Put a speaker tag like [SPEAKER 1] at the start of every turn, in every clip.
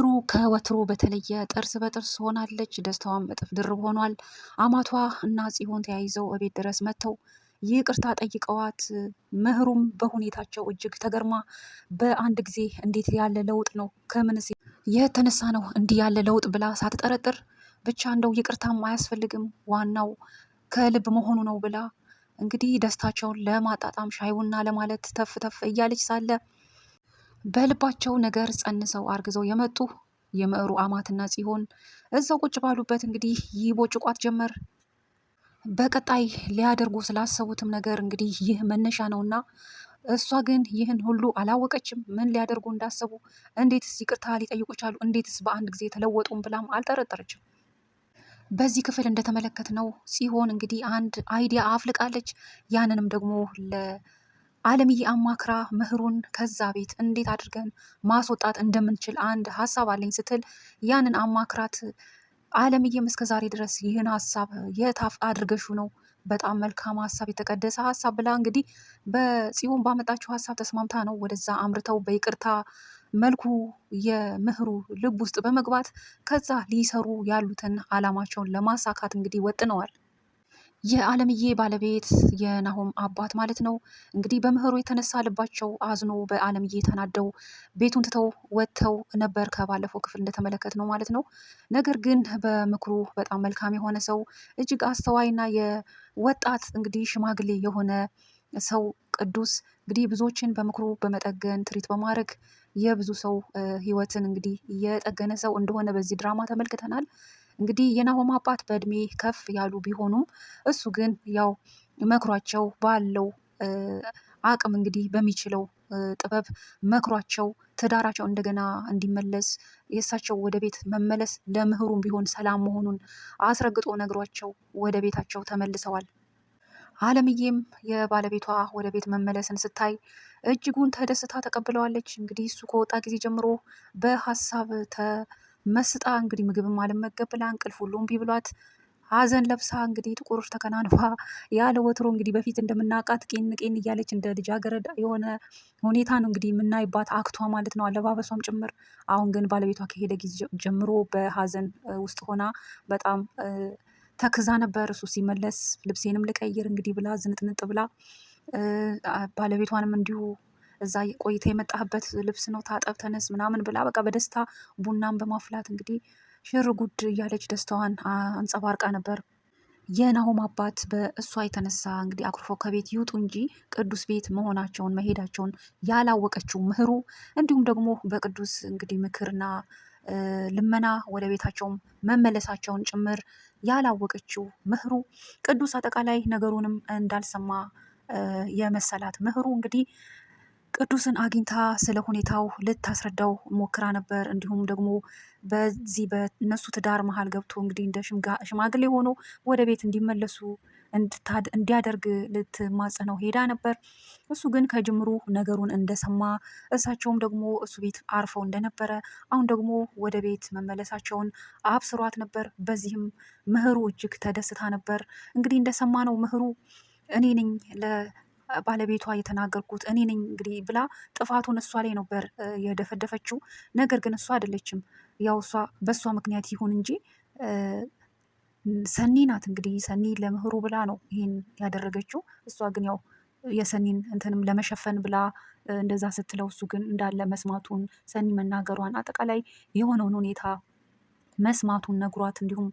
[SPEAKER 1] ምህሩ ከወትሮ በተለየ ጥርስ በጥርስ ሆናለች። ደስታዋም በጥፍ ድርብ ሆኗል። አማቷ እና ጽሆን ተያይዘው እቤት ድረስ መጥተው ይቅርታ ጠይቀዋት ምህሩም በሁኔታቸው እጅግ ተገርማ በአንድ ጊዜ እንዴት ያለ ለውጥ ነው ከምንስ የተነሳ ነው እንዲህ ያለ ለውጥ ብላ ሳትጠረጥር ብቻ እንደው ይቅርታም አያስፈልግም ዋናው ከልብ መሆኑ ነው ብላ እንግዲህ ደስታቸውን ለማጣጣም ሻይ ቡና ለማለት ተፍ ተፍ እያለች ሳለ በልባቸው ነገር ጸንሰው አርግዘው የመጡ የምዕሩ አማትና ጽሆን እዛው ቁጭ ባሉበት እንግዲህ ይቦጭቋት ጀመር። በቀጣይ ሊያደርጉ ስላሰቡትም ነገር እንግዲህ ይህ መነሻ ነውና እሷ ግን ይህን ሁሉ አላወቀችም። ምን ሊያደርጉ እንዳሰቡ፣ እንዴትስ ይቅርታ ሊጠይቁ ቻሉ፣ እንዴትስ በአንድ ጊዜ ተለወጡም ብላም አልጠረጠረችም። በዚህ ክፍል እንደተመለከትነው ሲሆን እንግዲህ አንድ አይዲያ አፍልቃለች። ያንንም ደግሞ አለምዬ አማክራ ምህሩን ከዛ ቤት እንዴት አድርገን ማስወጣት እንደምንችል አንድ ሀሳብ አለኝ ስትል ያንን አማክራት አለምዬም እስከ ዛሬ ድረስ ይህን ሀሳብ የታፍ አድርገሹ ነው በጣም መልካም ሀሳብ የተቀደሰ ሀሳብ ብላ እንግዲህ በጽዮን ባመጣችው ሀሳብ ተስማምታ ነው ወደዛ አምርተው በይቅርታ መልኩ የምህሩ ልብ ውስጥ በመግባት ከዛ ሊሰሩ ያሉትን አላማቸውን ለማሳካት እንግዲህ ወጥነዋል። የአለምዬ ባለቤት የናሆም አባት ማለት ነው እንግዲህ በምህሩ የተነሳ ልባቸው አዝኖ በአለምዬ ተናደው ቤቱን ትተው ወጥተው ነበር ከባለፈው ክፍል እንደተመለከት ነው ማለት ነው። ነገር ግን በምክሩ በጣም መልካም የሆነ ሰው እጅግ አስተዋይና የወጣት እንግዲህ ሽማግሌ የሆነ ሰው ቅዱስ እንግዲህ ብዙዎችን በምክሩ በመጠገን ትሪት በማድረግ የብዙ ሰው ህይወትን እንግዲህ የጠገነ ሰው እንደሆነ በዚህ ድራማ ተመልክተናል። እንግዲህ የናሆም አባት በእድሜ ከፍ ያሉ ቢሆኑም እሱ ግን ያው መክሯቸው ባለው አቅም እንግዲህ በሚችለው ጥበብ መክሯቸው ትዳራቸው እንደገና እንዲመለስ የእሳቸው ወደ ቤት መመለስ ለምህሩም ቢሆን ሰላም መሆኑን አስረግጦ ነግሯቸው ወደ ቤታቸው ተመልሰዋል። አለምዬም የባለቤቷ ወደ ቤት መመለስን ስታይ እጅጉን ተደስታ ተቀብለዋለች። እንግዲህ እሱ ከወጣ ጊዜ ጀምሮ በሀሳብ መስጣ እንግዲህ ምግብም አልመገብ ብላ እንቅልፍ ሁሉም ቢብሏት ብሏት ሀዘን ለብሳ እንግዲህ ጥቁር ተከናንፋ ያለ ወትሮ እንግዲህ በፊት እንደምናውቃት ቄን ቄን እያለች እንደ ልጃገረድ የሆነ ሁኔታ ነው እንግዲህ የምናይባት አክቷ ማለት ነው፣ አለባበሷም ጭምር። አሁን ግን ባለቤቷ ከሄደ ጊዜ ጀምሮ በሀዘን ውስጥ ሆና በጣም ተክዛ ነበር። እሱ ሲመለስ ልብሴንም ልቀይር እንግዲህ ብላ ዝንጥንጥ ብላ ባለቤቷንም እንዲሁ እዛ ቆይታ የመጣህበት ልብስ ነው ታጠብ፣ ተነስ ምናምን ብላ በቃ በደስታ ቡናን በማፍላት እንግዲህ ሽር ጉድ እያለች ደስታዋን አንጸባርቃ ነበር። የናሆም አባት በእሷ የተነሳ እንግዲህ አኩርፎ ከቤት ይውጡ እንጂ ቅዱስ ቤት መሆናቸውን መሄዳቸውን ያላወቀችው ምህሩ እንዲሁም ደግሞ በቅዱስ እንግዲህ ምክርና ልመና ወደ ቤታቸውም መመለሳቸውን ጭምር ያላወቀችው ምህሩ ቅዱስ አጠቃላይ ነገሩንም እንዳልሰማ የመሰላት ምህሩ እንግዲህ ቅዱስን አግኝታ ስለ ሁኔታው ልታስረዳው ሞክራ ነበር። እንዲሁም ደግሞ በዚህ በእነሱ ትዳር መሀል ገብቶ እንግዲህ እንደ ሽማግሌ ሆኖ ወደ ቤት እንዲመለሱ እንዲያደርግ ልትማጽነው ሄዳ ነበር። እሱ ግን ከጅምሩ ነገሩን እንደሰማ እሳቸውም ደግሞ እሱ ቤት አርፈው እንደነበረ አሁን ደግሞ ወደ ቤት መመለሳቸውን አብስሯት ነበር። በዚህም ምህሩ እጅግ ተደስታ ነበር። እንግዲህ እንደሰማ ነው ምህሩ እኔ ነኝ ባለቤቷ የተናገርኩት እኔ ነኝ እንግዲህ ብላ ጥፋቱን እሷ ላይ ነበር የደፈደፈችው። ነገር ግን እሷ አይደለችም። ያው እሷ በእሷ ምክንያት ይሁን እንጂ ሰኒ ናት እንግዲህ ሰኒ ለምህሩ ብላ ነው ይሄን ያደረገችው። እሷ ግን ያው የሰኒን እንትንም ለመሸፈን ብላ እንደዛ ስትለው እሱ ግን እንዳለ መስማቱን ሰኒ መናገሯን አጠቃላይ የሆነውን ሁኔታ መስማቱን ነግሯት እንዲሁም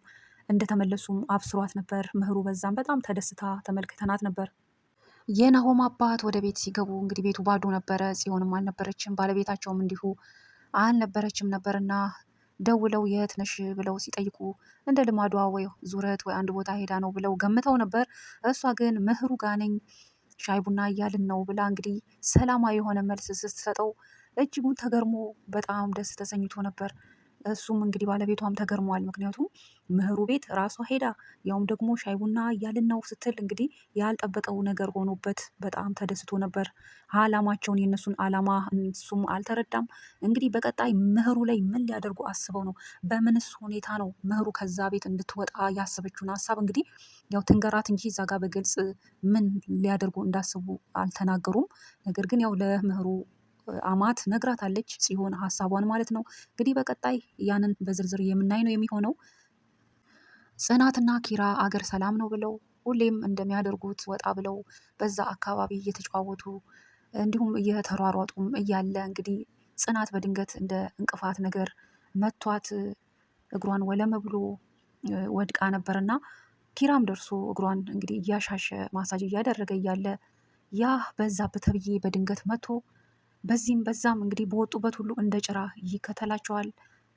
[SPEAKER 1] እንደተመለሱም አብስሯት ነበር ምህሩ። በዛም በጣም ተደስታ ተመልክተናት ነበር። የናሆም አባት ወደ ቤት ሲገቡ እንግዲህ ቤቱ ባዶ ነበረ። ጽዮንም አልነበረችም፣ ባለቤታቸውም እንዲሁ አልነበረችም ነበርና ደውለው የት ነሽ ብለው ሲጠይቁ እንደ ልማዷ ወይ ዙረት ወይ አንድ ቦታ ሄዳ ነው ብለው ገምተው ነበር። እሷ ግን ምህሩ ጋ ነኝ ሻይ ቡና እያልን ነው ብላ እንግዲህ ሰላማዊ የሆነ መልስ ስትሰጠው እጅጉን ተገርሞ በጣም ደስ ተሰኝቶ ነበር። እሱም እንግዲህ ባለቤቷም ተገርመዋል። ምክንያቱም ምህሩ ቤት ራሷ ሄዳ ያውም ደግሞ ሻይ ቡና እያልን ነው ስትል እንግዲህ ያልጠበቀው ነገር ሆኖበት በጣም ተደስቶ ነበር። አላማቸውን የእነሱን አላማ እሱም አልተረዳም። እንግዲህ በቀጣይ ምህሩ ላይ ምን ሊያደርጉ አስበው ነው? በምንስ ሁኔታ ነው ምህሩ ከዛ ቤት እንድትወጣ ያሰበችውን ሀሳብ እንግዲህ ያው ትንገራት እንጂ እዛ ጋር በግልጽ ምን ሊያደርጉ እንዳስቡ አልተናገሩም። ነገር ግን ያው ለምህሩ አማት ነግራታለች ሲሆን ሀሳቧን ማለት ነው። እንግዲህ በቀጣይ ያንን በዝርዝር የምናይ ነው የሚሆነው። ጽናትና ኪራ አገር ሰላም ነው ብለው ሁሌም እንደሚያደርጉት ወጣ ብለው በዛ አካባቢ እየተጫወቱ እንዲሁም እየተሯሯጡም እያለ እንግዲህ ጽናት በድንገት እንደ እንቅፋት ነገር መቷት እግሯን ወለም ብሎ ወድቃ ነበርና ኪራም ደርሶ እግሯን እንግዲህ እያሻሸ ማሳጅ እያደረገ እያለ ያ በዛ ተብዬ በድንገት መጥቶ በዚህም በዛም እንግዲህ በወጡበት ሁሉ እንደ ጭራ ይከተላቸዋል።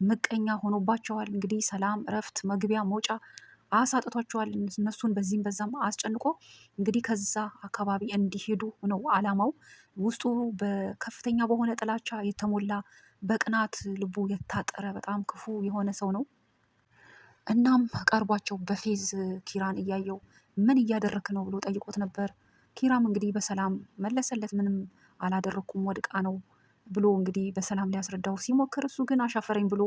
[SPEAKER 1] ምቀኛ ሆኖባቸዋል። እንግዲህ ሰላም፣ እረፍት፣ መግቢያ መውጫ አሳጥቷቸዋል። እነሱን በዚህም በዛም አስጨንቆ እንግዲህ ከዛ አካባቢ እንዲሄዱ ነው አላማው። ውስጡ በከፍተኛ በሆነ ጥላቻ የተሞላ በቅናት ልቡ የታጠረ በጣም ክፉ የሆነ ሰው ነው። እናም ቀርቧቸው በፌዝ ኪራን እያየው ምን እያደረክ ነው ብሎ ጠይቆት ነበር። ኪራም እንግዲህ በሰላም መለሰለት ምንም አላደረኩም ወድቃ ነው ብሎ እንግዲህ በሰላም ሊያስረዳው ሲሞክር እሱ ግን አሻፈረኝ ብሎ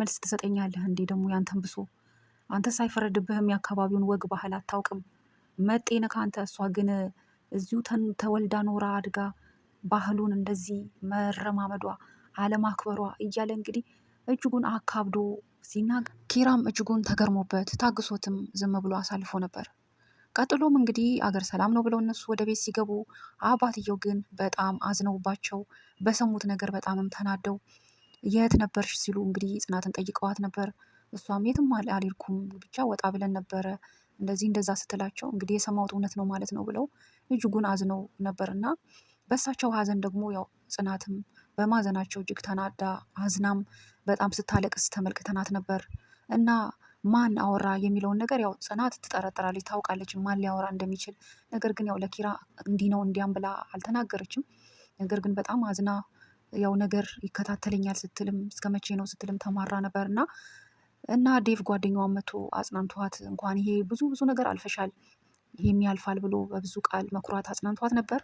[SPEAKER 1] መልስ ትሰጠኛለህ እንዴ ደግሞ ያንተን ብሶ አንተ ሳይፈረድብህም የአካባቢውን ወግ ባህል አታውቅም መጤነ ከአንተ እሷ ግን እዚሁ ተወልዳ ኖራ አድጋ ባህሉን እንደዚህ መረማመዷ አለማክበሯ እያለ እንግዲህ እጅጉን አካብዶ ሲናገር ኪራም እጅጉን ተገርሞበት ታግሶትም ዝም ብሎ አሳልፎ ነበር ቀጥሎም እንግዲህ አገር ሰላም ነው ብለው እነሱ ወደ ቤት ሲገቡ አባትየው ግን በጣም አዝነውባቸው በሰሙት ነገር በጣምም ተናደው የት ነበርሽ ሲሉ እንግዲህ ጽናትን ጠይቀዋት ነበር። እሷም የትም አልሄድኩም ብቻ ወጣ ብለን ነበረ እንደዚህ እንደዛ ስትላቸው እንግዲህ የሰማሁት እውነት ነው ማለት ነው ብለው እጅጉን አዝነው ነበር እና በእሳቸው ሀዘን ደግሞ ያው ጽናትም በማዘናቸው እጅግ ተናዳ አዝናም በጣም ስታለቅስ ተመልክተናት ነበር እና ማን አወራ የሚለውን ነገር ያው ጽናት ትጠረጥራለች፣ ታውቃለች ማን ሊያወራ እንደሚችል። ነገር ግን ያው ለኪራ እንዲህ ነው እንዲያም ብላ አልተናገረችም። ነገር ግን በጣም አዝና ያው ነገር ይከታተለኛል ስትልም እስከ መቼ ነው ስትልም ተማራ ነበር እና እና ዴቭ ጓደኛዋ መቶ አጽናንቷት እንኳን ይሄ ብዙ ብዙ ነገር አልፈሻል ይሄም ያልፋል ብሎ በብዙ ቃል መኩራት አጽናንቷት ነበር።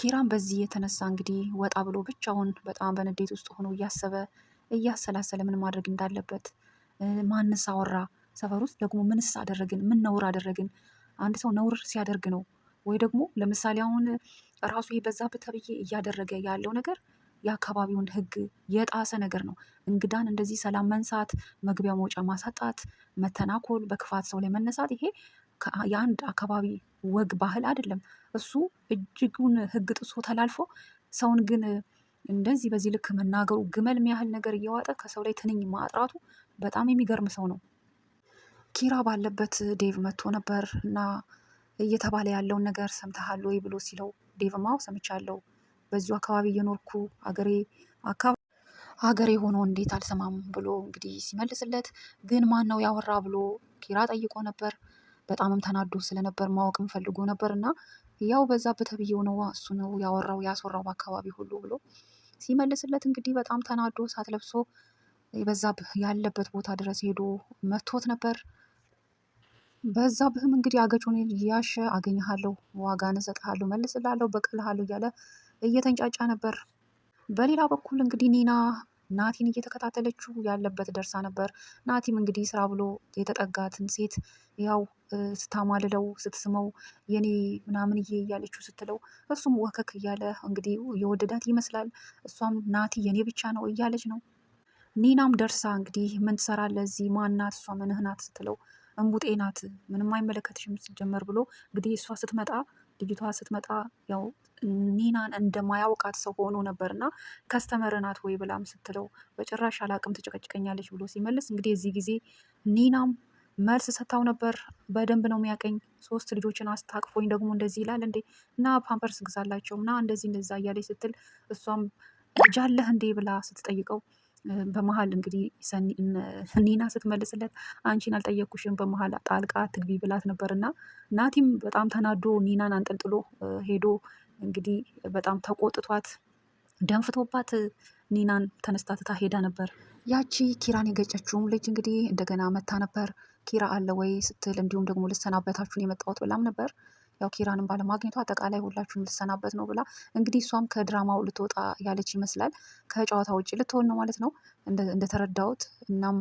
[SPEAKER 1] ኪራም በዚህ የተነሳ እንግዲህ ወጣ ብሎ ብቻውን በጣም በንዴት ውስጥ ሆኖ እያሰበ እያሰላሰለ ምን ማድረግ እንዳለበት ማንስ አወራ፣ ሰፈር ውስጥ ደግሞ ምንስ አደረግን፣ ምን ነውር አደረግን። አንድ ሰው ነውር ሲያደርግ ነው ወይ ደግሞ ለምሳሌ አሁን ራሱ የበዛብህ ተብዬ እያደረገ ያለው ነገር የአካባቢውን ሕግ የጣሰ ነገር ነው። እንግዳን እንደዚህ ሰላም መንሳት፣ መግቢያ መውጫ ማሳጣት፣ መተናኮል፣ በክፋት ሰው ላይ መነሳት ይሄ የአንድ አካባቢ ወግ ባህል አይደለም። እሱ እጅጉን ሕግ ጥሶ ተላልፎ ሰውን ግን እንደዚህ በዚህ ልክ መናገሩ ግመል የሚያህል ነገር እየዋጠ ከሰው ላይ ትንኝ ማጥራቱ በጣም የሚገርም ሰው ነው። ኪራ ባለበት ዴቭ መጥቶ ነበር እና እየተባለ ያለውን ነገር ሰምተሃል ወይ ብሎ ሲለው ማው ሰምቻለሁ፣ በዚሁ አካባቢ እየኖርኩ አገሬ አካባቢ ሀገሬ ሆኖ እንዴት አልሰማም ብሎ እንግዲህ ሲመልስለት ግን ማን ነው ያወራ ብሎ ኪራ ጠይቆ ነበር። በጣምም ተናዶ ስለነበር ማወቅም ፈልጎ ነበር እና ያው በዛ ተብዬው ነዋ እሱ ነው ያወራው ያስወራው አካባቢ ሁሉ ብሎ ሲመልስለት እንግዲህ በጣም ተናዶ እሳት ለብሶ የበዛብህ ያለበት ቦታ ድረስ ሄዶ መቶት ነበር። በዛብህም እንግዲህ አገጩን እያሸ አገኘሃለሁ፣ ዋጋን እሰጥሃለሁ፣ መልስልሃለሁ፣ በቀልሃለሁ እያለ እየተንጫጫ ነበር። በሌላ በኩል እንግዲህ ኒና ናቲን እየተከታተለችው ያለበት ደርሳ ነበር። ናቲም እንግዲህ ስራ ብሎ የተጠጋትን ሴት ያው ስታማልለው ስትስመው የኔ ምናምንዬ እያለችው ስትለው እሱም ወከክ እያለ እንግዲህ የወደዳት ይመስላል። እሷም ናቲ የኔ ብቻ ነው እያለች ነው። ኒናም ደርሳ እንግዲህ ምን ትሰራለህ እዚህ? ማናት እሷ? ምንህ ናት ስትለው እንቡጤ ናት ምንም አይመለከትሽም ሲጀመር ብሎ እንግዲህ እሷ ስትመጣ ልጅቷ ስትመጣ ያው ኒናን እንደማያውቃት ሰው ሆኖ ነበርና ከስተመር ናት ወይ ብላም ስትለው በጭራሽ አላቅም ትጨቀጭቀኛለች ብሎ ሲመልስ እንግዲህ እዚህ ጊዜ ኒናም መልስ ሰታው ነበር። በደንብ ነው የሚያቀኝ ሶስት ልጆችን አስታቅፎኝ ደግሞ እንደዚህ ይላል እንዴ እና ፓምፐርስ ግዛላቸው እና እንደዚህ እንደዛ እያለች ስትል እሷም እጃለህ እንዴ ብላ ስትጠይቀው በመሀል እንግዲህ ኒና ስትመልስለት አንቺን አልጠየኩሽም በመሀል ጣልቃ ትግቢ ብላት ነበርና ናቲም በጣም ተናዶ ኒናን አንጠልጥሎ ሄዶ እንግዲህ በጣም ተቆጥቷት ደንፍቶባት ኒናን ተነስታ ትታ ሄዳ ነበር። ያቺ ኪራን የገጨችውም ልጅ እንግዲህ እንደገና መታ ነበር። ኪራ አለ ወይ ስትል እንዲሁም ደግሞ ልሰናበታችሁን የመጣሁት ብላም ነበር። ያው ኪራንም ባለማግኘቱ አጠቃላይ ሁላችሁን ልሰናበት ነው ብላ እንግዲህ እሷም ከድራማው ልትወጣ ያለች ይመስላል። ከጨዋታ ውጭ ልትሆን ነው ማለት ነው እንደተረዳሁት እናም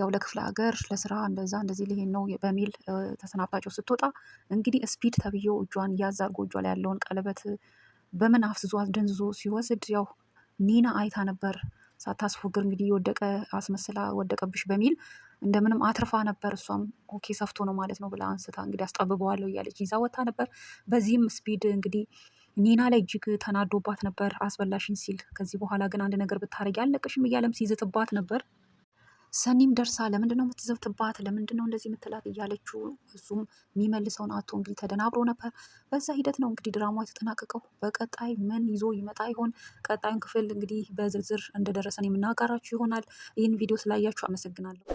[SPEAKER 1] ያው ለክፍለ ሀገር ለስራ እንደዛ እንደዚህ ሊሄድ ነው በሚል ተሰናብታቸው ስትወጣ እንግዲህ ስፒድ ተብዬው እጇን እያዛ አድርጎ እጇ ላይ ያለውን ቀለበት በምን አፍዝዞ ደንዝዞ ሲወስድ ያው ኒና አይታ ነበር። ሳታስፎግር እንግዲህ የወደቀ አስመስላ ወደቀብሽ በሚል እንደምንም አትርፋ ነበር። እሷም ኦኬ ሰፍቶ ነው ማለት ነው ብላ አንስታ እንግዲህ አስጠብበዋለሁ እያለች ይዛ ወታ ነበር። በዚህም ስፒድ እንግዲህ ኒና ላይ እጅግ ተናዶባት ነበር፣ አስበላሽን ሲል። ከዚህ በኋላ ግን አንድ ነገር ብታረጊ አለቅሽም እያለም ሲዝትባት ነበር። ሰኒም ደርሳ ለምንድን ነው የምትዘብትባት? ለምንድን ነው እንደዚህ የምትላት እያለችው እሱም የሚመልሰውን አቶ እንግዲህ ተደናብሮ ነበር። በዛ ሂደት ነው እንግዲህ ድራማ የተጠናቀቀው። በቀጣይ ምን ይዞ ይመጣ ይሆን? ቀጣዩን ክፍል እንግዲህ በዝርዝር እንደደረሰን የምናጋራችሁ ይሆናል። ይህን ቪዲዮ ስላያችሁ አመሰግናለሁ።